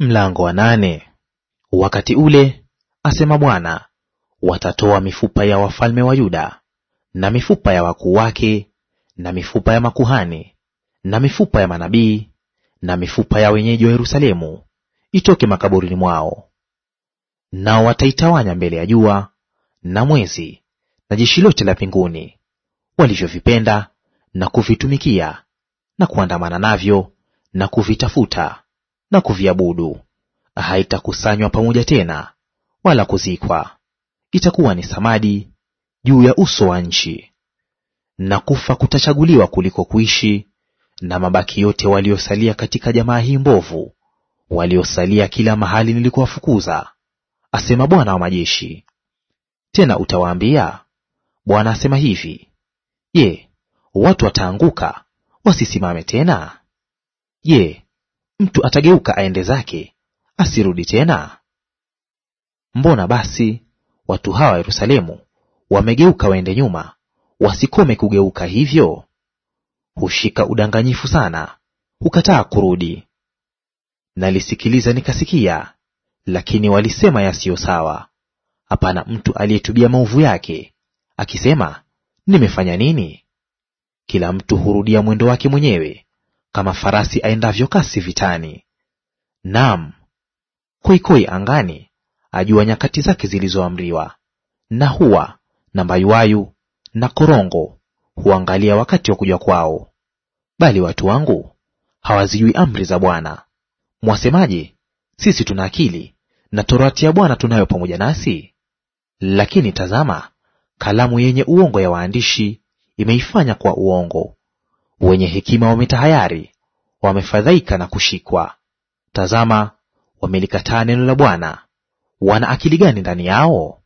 Mlango wa nane. Wakati ule asema Bwana, watatoa mifupa ya wafalme wa Yuda na mifupa ya wakuu wake na mifupa ya makuhani na mifupa ya manabii na mifupa ya wenyeji wa Yerusalemu itoke makaburini mwao. Nao wataitawanya mbele ya jua na mwezi na jeshi lote la mbinguni, walivyovipenda na kuvitumikia na kuandamana navyo na kuvitafuta na kuviabudu. Haitakusanywa pamoja tena wala kuzikwa, itakuwa ni samadi juu ya uso wa nchi. Na kufa kutachaguliwa kuliko kuishi, na mabaki yote waliosalia katika jamaa hii mbovu, waliosalia kila mahali nilikuwafukuza asema Bwana wa majeshi. Tena utawaambia, Bwana asema hivi, Je, watu wataanguka wasisimame tena? Je, mtu atageuka aende zake, asirudi tena? Mbona basi watu hawa Yerusalemu wamegeuka waende nyuma, wasikome kugeuka hivyo? Hushika udanganyifu sana, hukataa kurudi. Nalisikiliza nikasikia, lakini walisema yasiyo sawa. Hapana mtu aliyetubia maovu yake, akisema nimefanya nini? Kila mtu hurudia mwendo wake mwenyewe, kama farasi aendavyo kasi vitani. Naam, koikoi angani ajua nyakati zake zilizoamriwa, na huwa na mbayuwayu na korongo huangalia wakati wa kuja kwao. Bali watu wangu hawazijui amri za Bwana. Mwasemaje, sisi tuna akili na torati ya Bwana tunayo pamoja nasi? Lakini tazama, kalamu yenye uongo ya waandishi imeifanya kwa uongo. Wenye hekima wametahayari, wamefadhaika na kushikwa. Tazama, wamelikataa neno la Bwana. Wana akili gani ndani yao?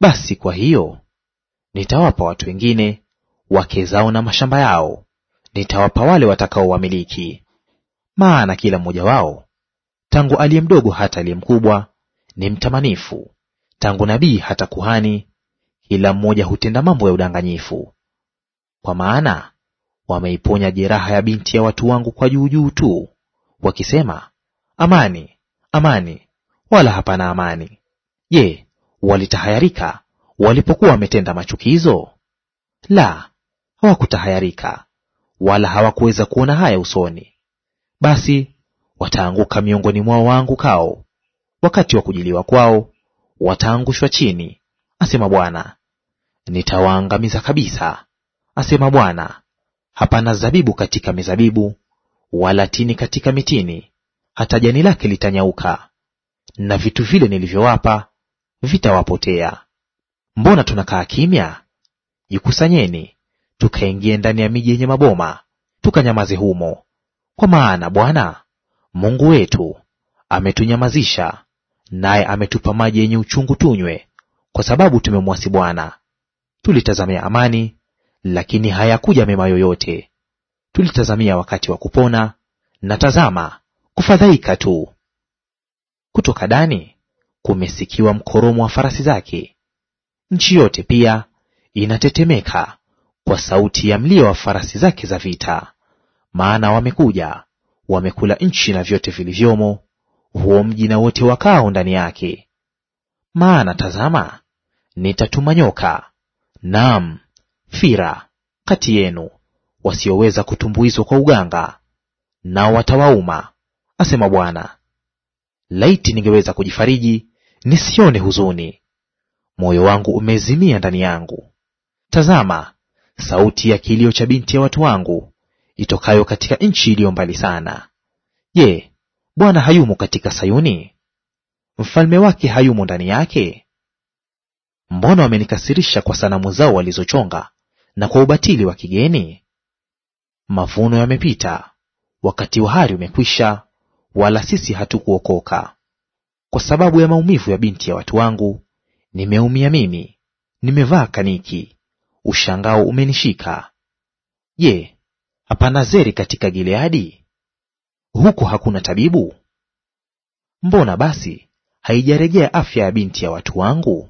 Basi kwa hiyo nitawapa watu wengine wake zao na mashamba yao, nitawapa wale watakaowamiliki. Maana kila mmoja wao tangu aliye mdogo hata aliye mkubwa ni mtamanifu, tangu nabii hata kuhani, kila mmoja hutenda mambo ya udanganyifu. Kwa maana Wameiponya jeraha ya binti ya watu wangu kwa juujuu tu, wakisema, Amani, amani, wala hapana amani. Je, walitahayarika walipokuwa wametenda machukizo? La, hawakutahayarika, wala hawakuweza kuona haya usoni. Basi wataanguka miongoni mwao waangukao, wakati wa kujiliwa kwao wataangushwa chini, asema Bwana. Nitawaangamiza kabisa, asema Bwana, Hapana zabibu katika mizabibu, wala tini katika mitini, hata jani lake litanyauka, na vitu vile nilivyowapa vitawapotea. Mbona tunakaa kimya? Jikusanyeni, tukaingie ndani ya miji yenye maboma, tukanyamaze humo. Kwa maana Bwana Mungu wetu ametunyamazisha, naye ametupa maji yenye uchungu tunywe, kwa sababu tumemwasi Bwana. Tulitazamia amani, lakini hayakuja mema yoyote. Tulitazamia wakati wa kupona, na tazama, kufadhaika tu. Kutoka Dani kumesikiwa mkoromo wa farasi zake, nchi yote pia inatetemeka kwa sauti ya mlio wa farasi zake za vita. Maana wamekuja, wamekula nchi na vyote vilivyomo, huo mji na wote wakao ndani yake. Maana tazama, nitatuma nyoka, naam fira kati yenu wasioweza kutumbuizwa kwa uganga, nao watawauma, asema Bwana. Laiti ningeweza kujifariji nisione huzuni, moyo wangu umezimia ndani yangu. Tazama, sauti ya kilio cha binti ya watu wangu itokayo katika nchi iliyo mbali sana. Je, Bwana hayumo katika Sayuni? Mfalme wake hayumo ndani yake? Mbona wamenikasirisha kwa sanamu zao walizochonga na kwa ubatili wa kigeni? Mavuno yamepita, wakati wa hari umekwisha, wala sisi hatukuokoka. Kwa sababu ya maumivu ya binti ya watu wangu nimeumia mimi, nimevaa kaniki, ushangao umenishika. Je, hapana zeri katika Gileadi? Huko hakuna tabibu? Mbona basi haijarejea afya ya binti ya watu wangu?